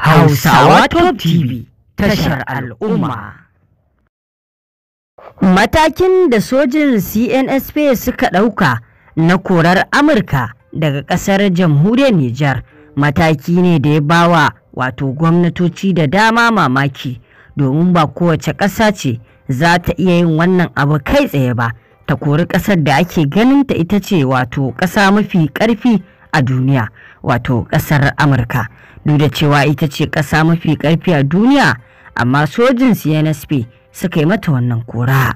Hausawa Top TV tashar al'umma. Matakin da sojin CNSP suka ɗauka na korar Amurka daga ƙasar jamhuriyar Nijar mataki ne da ya bawa wato gwamnatoci da dama mamaki domin ba kowace ƙasa ce za ta iya yin wannan abu kai tsaye ba ta kori ƙasar da ake ganin ta ita ce wato ƙasa mafi ƙarfi a duniya wato ƙasar Amurka. duk da cewa ita ce ƙasa mafi ƙarfi a duniya amma sojin CNSP suka yi mata wannan kora.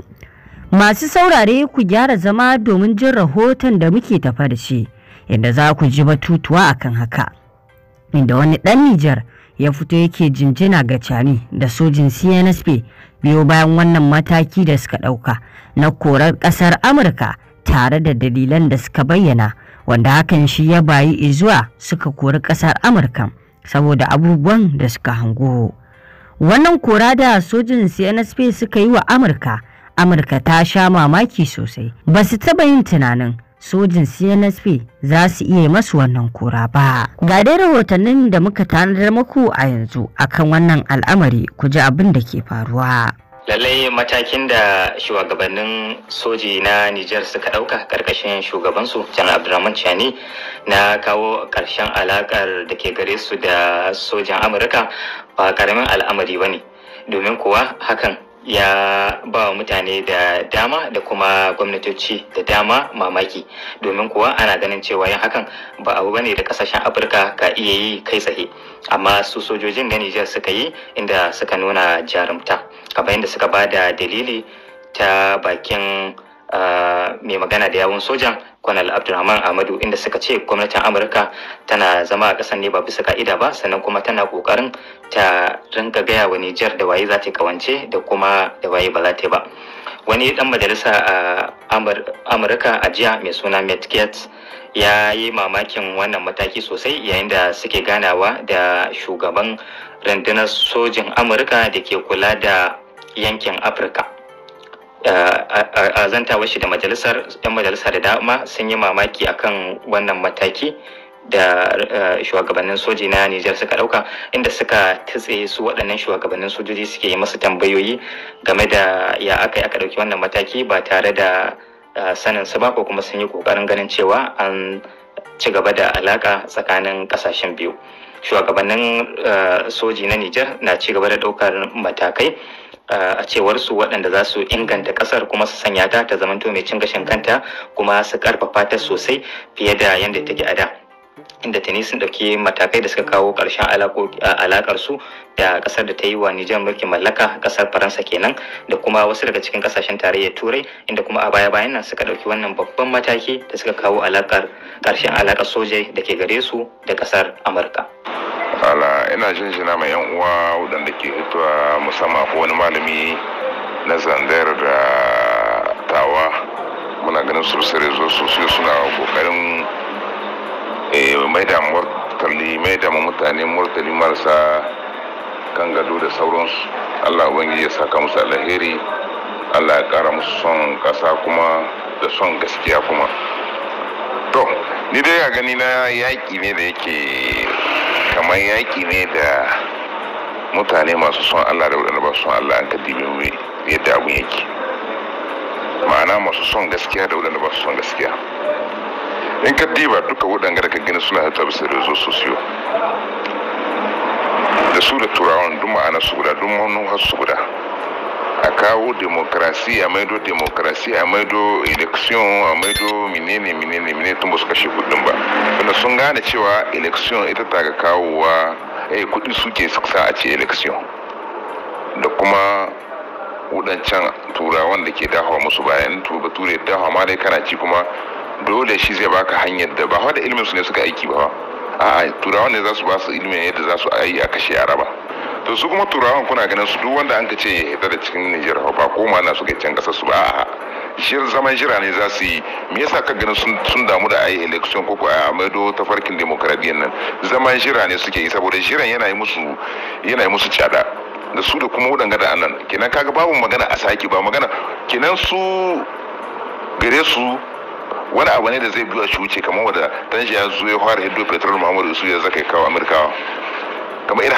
Masu saurare ku gyara zama domin jin rahoton da muke tafa da shi inda za ku ji batutuwa akan haka. Inda wani ɗan Nijar ya fito yake jinjina ga cani da sojin CNSP biyo bayan wannan mataki da suka ɗauka na korar ƙasar Amurka tare da dalilan da suka bayyana wanda hakan shi ya bayi izuwa suka kori ƙasar Amurka. saboda abubuwan da suka hango. Wannan kora da sojin CNSP suka yi wa Amurka, Amurka ta sha mamaki sosai. Ba su taɓa yin tunanin sojin CNSP za su iya masu wannan kora ba. Ga dai rahotannin da muka tanadar muku a yanzu akan wannan al'amari ku ji abin da ke faruwa. lallai matakin da shugabannin soji na Nijar suka ɗauka ƙarƙashin shugabansu Jan Abdulrahman Chani na kawo ƙarshen alaƙar da ke gare su da sojan Amurka ba karamin al'amari ba ne. Domin kuwa hakan ya ba wa mutane da dama da kuma gwamnatoci da dama mamaki domin kuwa ana ganin cewa yin hakan ba abu bane da kasashen afirka ka iya yi kai tsaye amma su sojojin na nijar suka yi inda suka nuna jarumta kamar yadda suka ba da dalili ta bakin mai magana da yawun sojan kwanal abdulrahman amadu inda suka ce gwamnatin amurka tana zama a ƙasar ne ba bisa ka'ida ba sannan kuma tana kokarin ta ringa gaya wa nijar da waye za ta kawance da kuma da waye ba za ta ba wani dan majalisa a amurka a jiya mai suna medgate ya yi mamakin wannan mataki sosai yayin da suke ganawa da shugaban rundunar sojin amurka da ke kula da yankin afirka eh, a zantawar shi da majalisar 'yan majalisa da dama sun yi mamaki akan wannan mataki da eh, shugabannin soji na Nijar suka dauka inda suka tatse su waɗannan shugabannin sojoji suke yi masu tambayoyi game da ya aka yi aka ɗauki wannan mataki ba tare da eh, sanin su ba ko kuma sun yi ƙoƙarin ganin cewa an ci gaba da alaka tsakanin ƙasashen biyu shugabannin soji na Nijar na ci gaba da ɗaukar matakai a cewar su waɗanda za su inganta ƙasar kuma su sanya ta ta zamanto mai cin gashin kanta kuma su ƙarfafa ta sosai fiye da yadda take a da. inda tuni sun ɗauki matakai da suka kawo ƙarshen alaƙar su da ƙasar da ta yi wa Nijar mulkin mallaka ƙasar Faransa kenan da kuma wasu daga cikin ƙasashen tarayyar Turai inda kuma a baya bayan nan suka ɗauki wannan babban mataki da suka kawo alaƙar ƙarshen alaƙar soja da ke gare su da ƙasar Amurka. ala ina shinshina mai yan uwa waɗanda ke fitowa musamman ko wani malami na zandar da tawa muna ganin sosai zo sosai suna kokarin eh, mai da mai da mutane murtali marasa kan gado da sauransu allah ubangiji ya saka musu alheri allah ya kara musu son kasa kuma da son gaskiya kuma to ni dai a gani na yaƙi ne da yake kamar yaƙi ne da mutane masu son Allah da waɗanda ba su son Allah an kaddibe mu yadda abun yake ma'ana masu son gaskiya da waɗanda ba su son gaskiya in ka diba duka waɗanda da ka gani suna da tabbasar da zo sosiyo da su da turawan duk ma'ana su guda duk manuhar su guda kawo demokrasi a maido demokrasi a maido election a maido minene minene menene tun ba su kashe kudin ba wanda sun gane cewa election ita ta ga kawowa yi eh, kudi suke sa a ce election da kuma wadancan turawan da ke dahawa musu bayan ture dahawa ma dai kana ci kuma dole shi zai baka hanyar da ba da ilimin su ne suka aiki ba a turawan ne za su ba su ilimin yadda za su yi a kashe araba to su kuma turawan kuna ganin su duk wanda an ka ce ya da cikin Nijar ba koma na su can kasar su ba a shirin zaman jira ne za su yi me yasa ka ganin sun damu da ayi election ko a maido farkin demokradiyyar nan zaman jira ne suke yi saboda jiran yana yi musu yana yi musu cada da su da kuma waɗanga da anan kenan kaga babu magana a saki ba magana kenan su gare su wani abu ne da zai biyo a shi kamar wadda tanji ya zo ya fara hiddo petrol muhammadu su ya zaka kawo amurkawa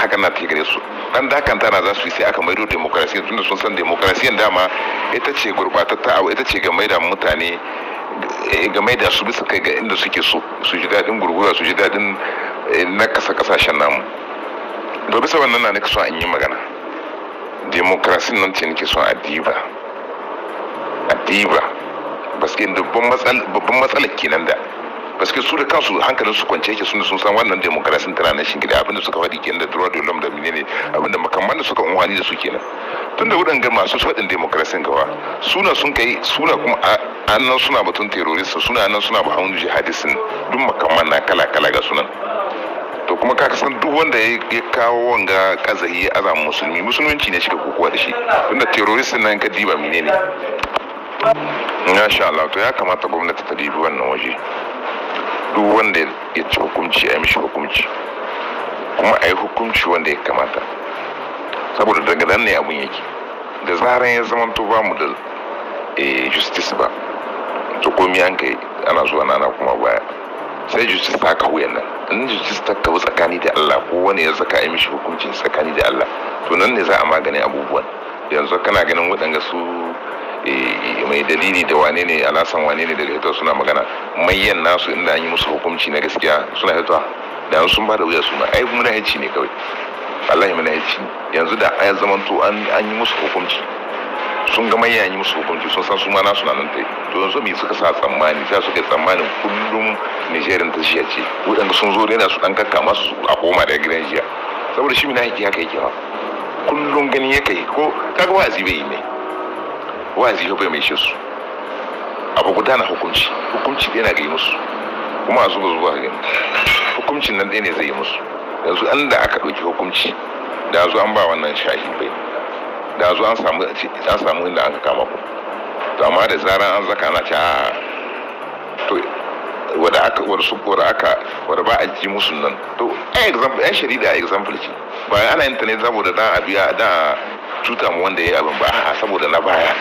hakan na gare su dan dakan tana za su yi sai aka maido demokrasiya tunda sun san demokrasiyan dama ita ce gurbatatta abu ita ce game da mutane eh, game da su bisa kai ga inda suke so su ji dadin gurgura su ji dadin eh, na kasa kasashen namu to bisa wannan na nake so an yi magana demokrasiyan nan ce nake so a diba a diba baskin babban matsalar kenan da parce que su da kansu hankalin su kwance yake sun sun san wannan demokrasi tana nan shin gida abinda suka faɗi kenan da droit de l'homme da menene abinda makamman da suka unhani da su kenan tun da waɗanga masu faɗin demokrasin gawa suna sun kai suna kuma annan suna batun terrorist suna annan suna ba hawan jihadistin duk makamman na kala kala ga sunan to kuma ka san duk wanda ya kawo wanga kazahi ya musulmi musulunci ne shiga kokowa da shi da terrorist nan ka diba menene masha Allah to ya kamata gwamnati ta dibi wannan waje duk wanda ya ci hukunci a yi mishi hukunci kuma a yi hukunci wanda ya kamata saboda daga nan ne abun yake da zaran ya zama to ba mu da eh, justice ba to komi an kai ana zuwa nana kuma baya sai justice ta kawo yana in justice ta kawo tsakani da Allah ko wani ya saka yi mishi hukunci tsakani da Allah to nan ne za a magani abubuwan yanzu kana ganin waɗanda su Eh, mai dalili da wane ne alasan wane ne da hito suna magana mayyan nasu inda an yi musu hukunci na gaskiya suna hito da sun ba da wuya suna ai muna hici ne kawai wallahi muna hici yanzu da ai zaman to an yi musu hukunci sun ga mayyan yi musu hukunci sun san su ma nasu na nan tai to yanzu me suka sa tsammani sai suka tsammani kullum Nigerian ta jiya ce wadanda sun zo daina su dan kakka masu a koma daga gidan jiya saboda shi mina yake haka yake ba kullum gani yake ko kaga wazi bai ne wa'azi bai mai su abu guda na hukunci hukunci yana ga yi musu kuma a zuba zuba ga hukuncin nan ɗaya ne zai yi musu yanzu an da aka ɗauki hukunci da yanzu an ba wannan shahi bai da yanzu an samu an samu inda an kama ku to amma da zaran an zaka na ta ah, to wanda aka wanda su kora aka wanda ba a ji musu nan to a example ai shari'a example ce ba ana yin ta ne saboda dan abiya dan cuta mu wanda ya yi abin ba a saboda na baya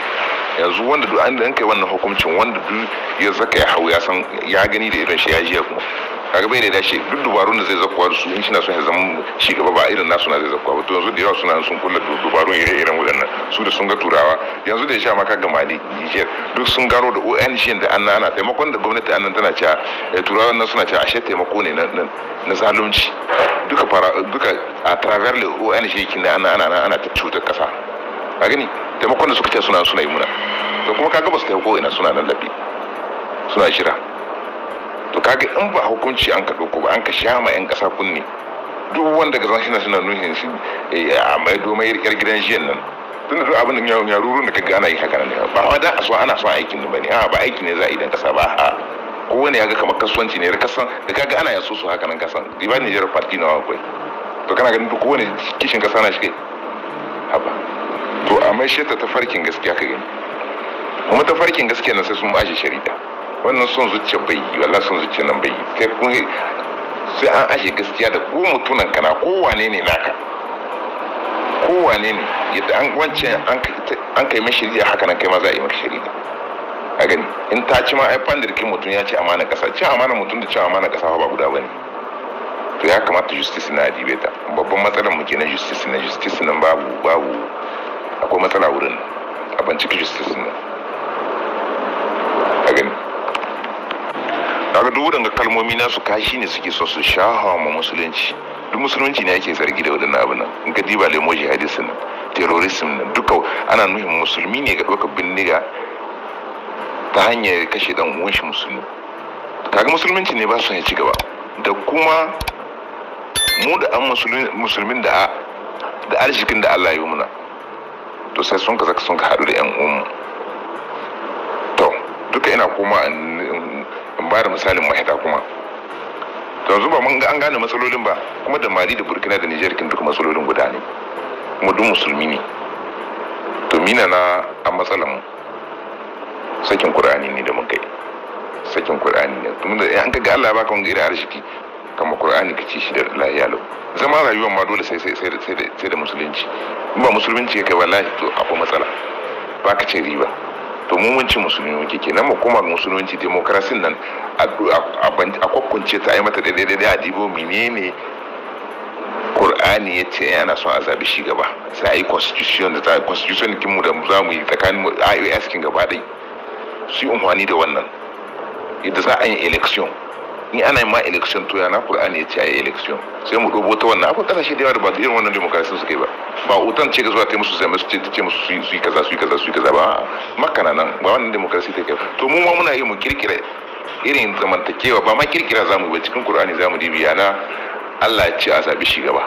yanzu wanda duk an kai wannan hukuncin wanda duk ya zaka ya hau ya san ya gani da irin shi ya jiya kuma kaga bai da dace duk dubarun da zai zakuwa su in shina son ya zama shi gaba ba irin nasu na zai zakuwa ba to yanzu da yawa suna sun kulla dubarun ire-iren wadannan su da sun ga turawa yanzu da ya sha ma kaga mali Niger duk sun gano da ONG da an ana taimakon da gwamnati annan tana cewa eh, turawan nan suna cewa ashe taimako ne na zalunci duka fara duka a travers le ONG kin da ana ana ana ta cutar kasa a gani taimakon da suka ce suna suna yi muna to kuma kaga ba su taimako ina suna nan labi suna jira to kaga in ba hukunci an ka ɗauko ba an ka sha ma 'yan ƙasa kunne duk wanda ga zan suna nuhin su eh, a mai doma yar gidan jiyan nan tun da duk abin da ya ruru da kaga ana yi haka nan ba ma da so ana son aikin ne ba a ba aiki ne za a yi dan kasa ba a kowane ya ga kamar kasuwanci ne kasan da kaga ana yaso su haka nan kasan riba ne jira party na kai to kana ganin duk kowane kishin kasa na shi haba to a mai ta farkin gaskiya ka gani kuma ta farkin gaskiya na sai sun bashi shari'a wannan son zuciya bai yi wallah son zuciya nan bai yi kai kun sai an ashe gaskiya da ko mutunan kana ko wane ne naka ko wane ne yadda an wancan an kai mai shari'a haka nan kai ma za a yi maka shari'a a gani in ta ci ma ai fandirkin mutum ya ce amana kasa ci amana mutum da ci amana kasa ba guda bane to ya kamata justice na adibeta babban matsalar mu kenan justice na justice nan babu babu akwai matsala wurin a binciki justice ne a gani daga dubu waɗanda kalmomi nasu kashi ne suke so su sha ma musulunci duk musulunci ne ake zargi da wadannan abin nan in ka diba lemo jihadis nan terrorism nan duka ana nuhin musulmi ne ga ɗaukar bindiga ta hanyar kashe dan uwan shi musulmi kaga musulunci ne ba su ya ci gaba da kuma mu da an musulmin da a da arzikin da Allah ya yi muna to sai sun ka sun ka haɗu da yan umu to duka ina koma in ba da misalin mahita kuma to yanzu ba mun an gane matsalolin ba kuma da mali da burkina da nijar kin duka matsalolin guda ne kuma duk musulmi ne to mina na a matsalan sakin kur'ani ne da mun kai sakin kur'ani ne tun da an ka ga Allah ya baka wani irin arziki kama qur'ani ka ci shi da lahiya lo zama rayuwar ma dole sai sai sai da musulunci in ba musulunci kai wallahi to akwai matsala ba ka ce riba to mu mun ci musulmi muke kenan mu koma musulunci demokrasi nan a kwakwunce ta yi mata daidai a dibo menene Qur'ani ya ce yana son a zabi shi gaba sai a yi constitution da ta constitution kinmu da za mu yi tsakanin IOS kin gaba dai su yi umarni da wannan yadda za a yi election in ana yi ma election to yana Qur'ani ya ce a yi election sai mu dubo ta wannan akwai kasashe da yawa da ba irin wannan demokrasi suka yi ba ba utan ce ga zuwa ta musu sai musu ce ce musu su yi kaza su yi kaza su yi kaza ba makana nan ba wannan demokrasi take to mu ma muna yi mu kirkira irin zamantakewa ba ma kirkira zamu ba cikin Qur'ani zamu dibiya na Allah ya ce a zabi shugaba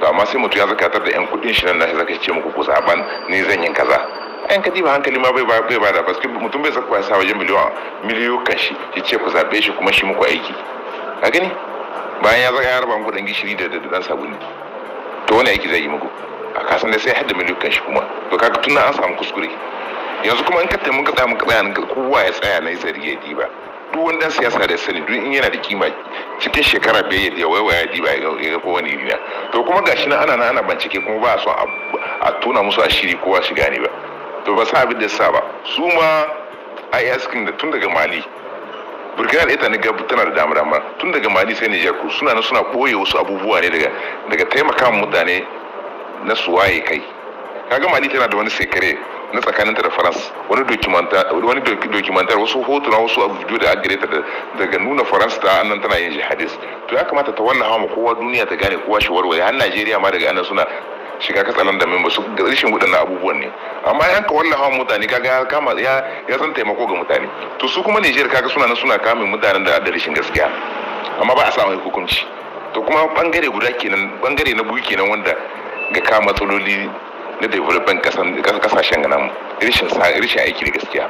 to amma sai mutum ya zakatar da yan kudin shi nan na zaka ce muku kusa ban ni zan yin kaza yan ba hankali ma bai bai ba da baske mutum bai zakuwa sa waje miliyan miliyo kan shi ya ce ku zabe shi kuma shi muku aiki a gani bayan ya zaka ya raba muku dan gishiri da dan sabuni to wani aiki zai yi muku a kasan da sai hadda miliyo kan shi kuma to kaga tun an samu kuskure yanzu kuma in ka taimu ka tsaya muka tsaya nan kowa ya tsaya na zari ya ba duk wani dan siyasa da sani duk in yana da kima cikin shekara biyar ya waiwa ya diba ya ga ko wani irina to kuma gashi nan ana nan ana bincike kuma ba a son a tona musu shiri kowa shiga ne ba to ba sa abin da sa ba su ma askin da tun daga mali burkina da ita ni gabu tana da damar amma tun daga mali sai nijar ku suna nan suna ɓoye wasu abubuwa ne daga daga taimaka mutane na su waye kai kaga mali tana da wani sekare na tsakaninta da faransa wani dokumentar wasu hotuna wasu abubuwa da agireta daga nuna faransa ta annan tana yin jihadis to ya kamata ta wannan hawa kowa duniya ta gane kowa shawarwari har najeriya ma daga annan suna shiga katsalan da mai su rashin waɗannan abubuwan ne amma yan ka wallafa mutane kaga ya kama ya ya san taimako ga mutane to su kuma Niger kaga suna nan suna kama mutanen da da rashin gaskiya amma ba a samu hukunci to kuma bangare guda kenan bangare na buki kenan wanda ga kama matsaloli na development kasan kasashen nan rashin rashin aiki da gaskiya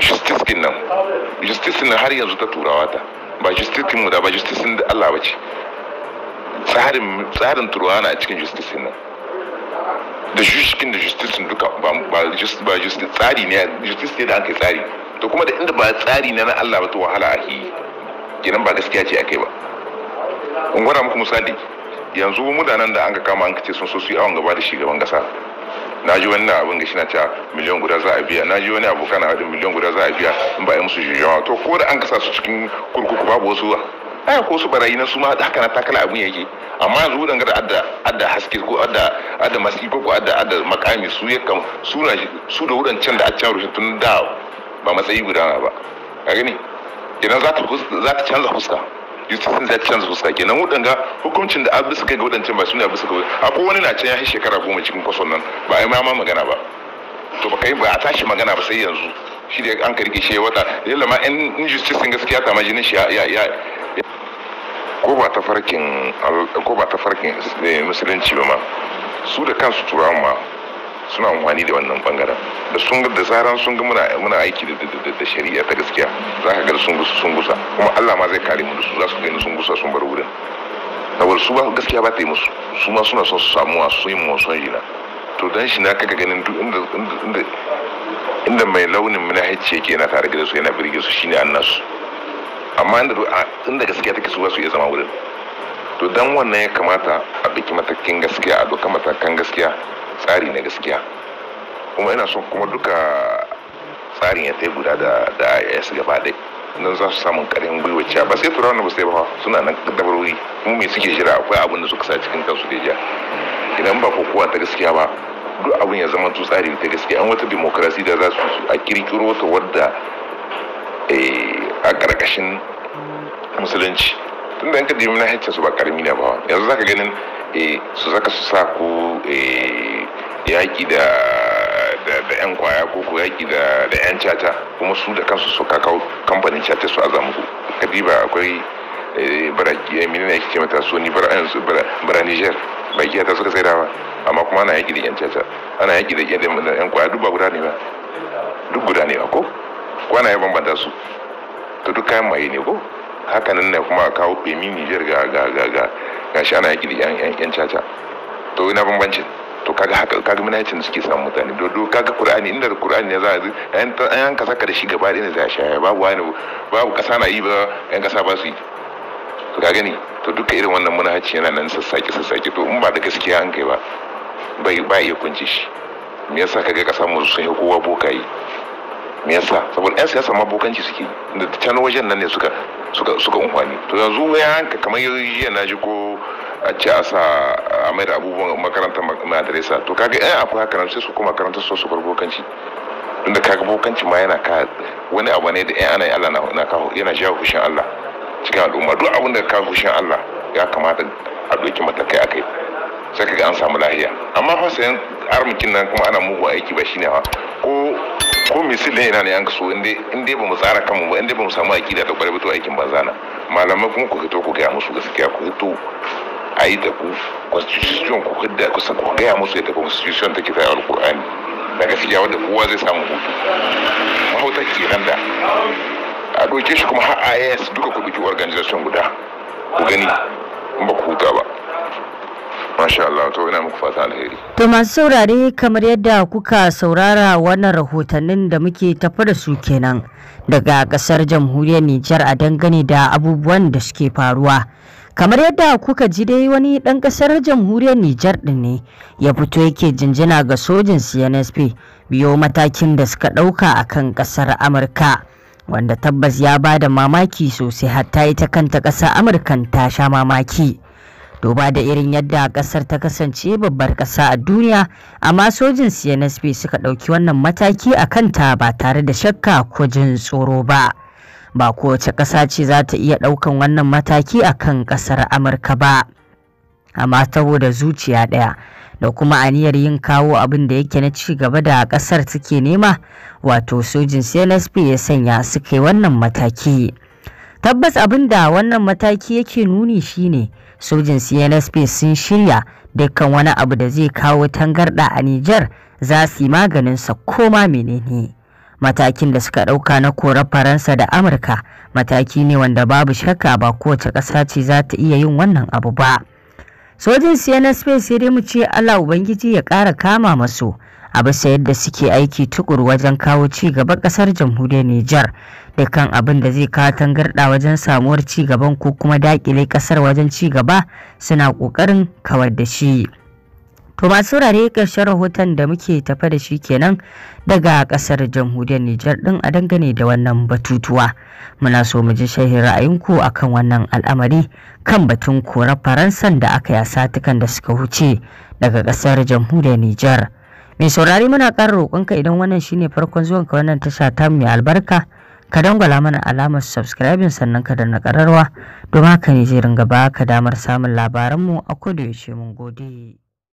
justice din nan justice din har yanzu ta turawa ta ba justice mu da ba justice din Allah ba ce tsarin tsarin na a cikin justice nan da cikin da justice duka ba justice ba tsari ne justice ne da aka tsari to kuma da inda ba tsari ne na Allah ba to wahala a yi kenan ba gaskiya ce akai ba in gwada muku misali yanzu mu da an ka kama an kace sun so su yi awon gaba da shugaban kasa na ji wani abin gashi na cewa miliyan guda za a biya na ji wani abokan na miliyan guda za a biya in ba a yi musu shugaban to ko da an kasa su cikin kurkuku babu wasu ai ko su barayi na su ma haka na takala abun yake amma yanzu wadanda da adda adda haske ko adda adda masifa ko adda adda makami su ya kan su na su da wadancan da a can rushe tun da ba matsayi guda ba ka gani idan za ta za ta canza fuska yusufu za ta canza fuska kenan ga hukuncin da abu suka ga wadancan ba su ne abu suka akwai wani na can ya shekara goma cikin kwason nan ba ai ma magana ba to ba kai ba a tashi magana ba sai yanzu shi da an karki shi ya wata yalla ma in injustice gaskiya ta majinin shi ya ko ba ta farkin ko ba ta farkin eh, musulunci ba ma su da kansu turawa ma suna amfani da wannan bangaren da sun da zaran sun ga muna muna aiki da da shari'a ta gaskiya za ka ga sun gusa sun gusa kuma Allah ma zai kare mu da su za su gani sun gusa sun bar wurin saboda su ba gaskiya ba ta yi musu su ma suna son su samu a su yi mu wasu jina to dan shi na kaga ganin duk inda inda inda mai launin ya yake yana tare da su yana birge su shine annasu amma inda gaskiya take su su iya zama wurin to dan wannan ya kamata a biki matakin gaskiya a doka matakan gaskiya tsari na gaskiya kuma ina son kuma duka tsarin ya ta guda da da IAS gaba ɗaya nan za su samun ƙarin gwiwa cewa ba sai turawan ba sai ba suna nan dabarori kuma me suke jira akwai abin da suka sa cikin kansu da jiya idan ba kokowa ta gaskiya ba duk abin ya zama tsari ta gaskiya an wata demokrasi da za su a kirkiro ta wadda a ƙarƙashin musulunci tun da yanka dimi na hancin su ba ƙarami na ba yanzu zaka ganin eh, su zaka su sa eh, ku yaƙi da da yan kwaya ko ko yaƙi da da yan caca kuma su da kansu su kakau kamfanin caca su a zamu ku kadi ba akwai eh, baraki menene yake ce mata soni bara niger bakiya ta suka ba amma kuma ana yaƙi da yan caca ana yaƙi da yan kwaya duk ba guda ne ba duk guda ne ba ko kwana ya bambanta su to duk kayan maye ne ko haka nan ne kuma kawo femi nijar ga ga ga ga ga shi ana yaki da yan yan caca to ina bambancin to kaga haka kaga yacin suke samun mutane dodo kaga qur'ani inda qur'ani ne za a yan yan ka saka da shi gaba ɗaya za a shaya babu wani babu kasa na yi ba yan kasa ba su yi to ka gani to duka irin wannan munahaci yana nan sassaki sassaki to in ba da gaskiya an kai ba bai ba iya kunci shi me yasa kaga kasa mu sun yi kowa boka yi. me yasa saboda yan siyasa ma bokanci suke da can wajen nan ne suka suka suka umfani to yanzu ya kamar jiya na ji ko a ce a sa a mai da abubuwan makarantar madaresa to kaga yan akwai haka sai su kuma karanta su su bar bokanci tunda kaga bokanci ma yana ka wani abu ne da yan ana Allah na kawo yana jawo fushin Allah cikin al'umma duk abin da ka fushin Allah ya kamata a doki matakai akai sai kaga an samu lahiya amma fa sayan armikin nan kuma ana mugu aiki ba shine ha ko ko misil ne ne an kaso in dai ba mu tsara kanmu ba in dai ba mu samu akida ta kwarai ba to aikin banza na malamai kuma ku fito ku gaya musu gaskiya ku fito a yi da ku constitution ku hidda ku ku gaya musu yadda constitution take ta alkur'ani na gaskiya wanda kowa zai samu hutu mahauta kenan da a doke shi kuma har IAS duka ku ɗauki organization guda ku gani in ba ku huta ba Masha Allah to ina muku fata alheri. To masu saurare kamar yadda kuka saurara wannan rahotannin da muke tafi da su kenan daga kasar jamhuriyar Nijar a dangane da abubuwan da suke faruwa. Kamar yadda kuka ji dai wani ɗan ƙasar jamhuriyar Nijar ɗin ne ya fito yake jinjina ga sojin CNSP biyo matakin da suka ɗauka a kan ƙasar Amurka. Wanda tabbas ya ba da mamaki sosai hatta ita kanta ƙasar Amurkan ta sha mamaki. Doba da irin yadda kasar ta kasance babbar kasa a duniya amma sojin cnsp suka ɗauki wannan mataki a kanta ba tare da shakka ko jin tsoro ba ba kowace ƙasa ce za ta iya ɗaukan wannan mataki a kan ƙasar amurka ba amma da zuciya ɗaya da kuma aniyar yin kawo abin da yake na ci gaba da ƙasar take nema wato sojin cnsp ya sanya suka yi wannan mataki tabbas abin da wannan mataki yake nuni shine sojin cnsp sun shirya dukkan wani abu da zai kawo tangarɗa a nijar za su yi maganinsa koma menene matakin da suka ɗauka na korar faransa da amurka mataki ne wanda babu shakka ba kowace ƙasa ce za ta iya yin wannan abu ba sojin cnsp sai dai mu ce allah ubangiji ya ƙara kama masu a bisa yadda suke aiki tukuru wajen kawo ci gaba kasar jamhuriyar Nijar da kan abin da zai kawo tangarɗa wajen samuwar ci gaban ko kuma dakile kasar wajen ci gaba suna ƙoƙarin kawar da shi. To masu rare ƙarshen rahoton da muke tafa da shi kenan daga ƙasar jamhuriyar Nijar din a dangane da wannan batutuwa. Muna so mu ji shahin ra'ayinku a kan wannan al'amari kan batun korar Faransan da aka yi a satukan da suka wuce daga ƙasar jamhuriyar Nijar. Mai saurari muna ƙara roƙonka idan wannan shine farkon zuwanka wannan tasha ta mai albarka ka dangwala mana alamar subscribing sannan ka danna kararwa, don haka ne zai ringa baka damar samun labaranmu a kodayaushe mun gode.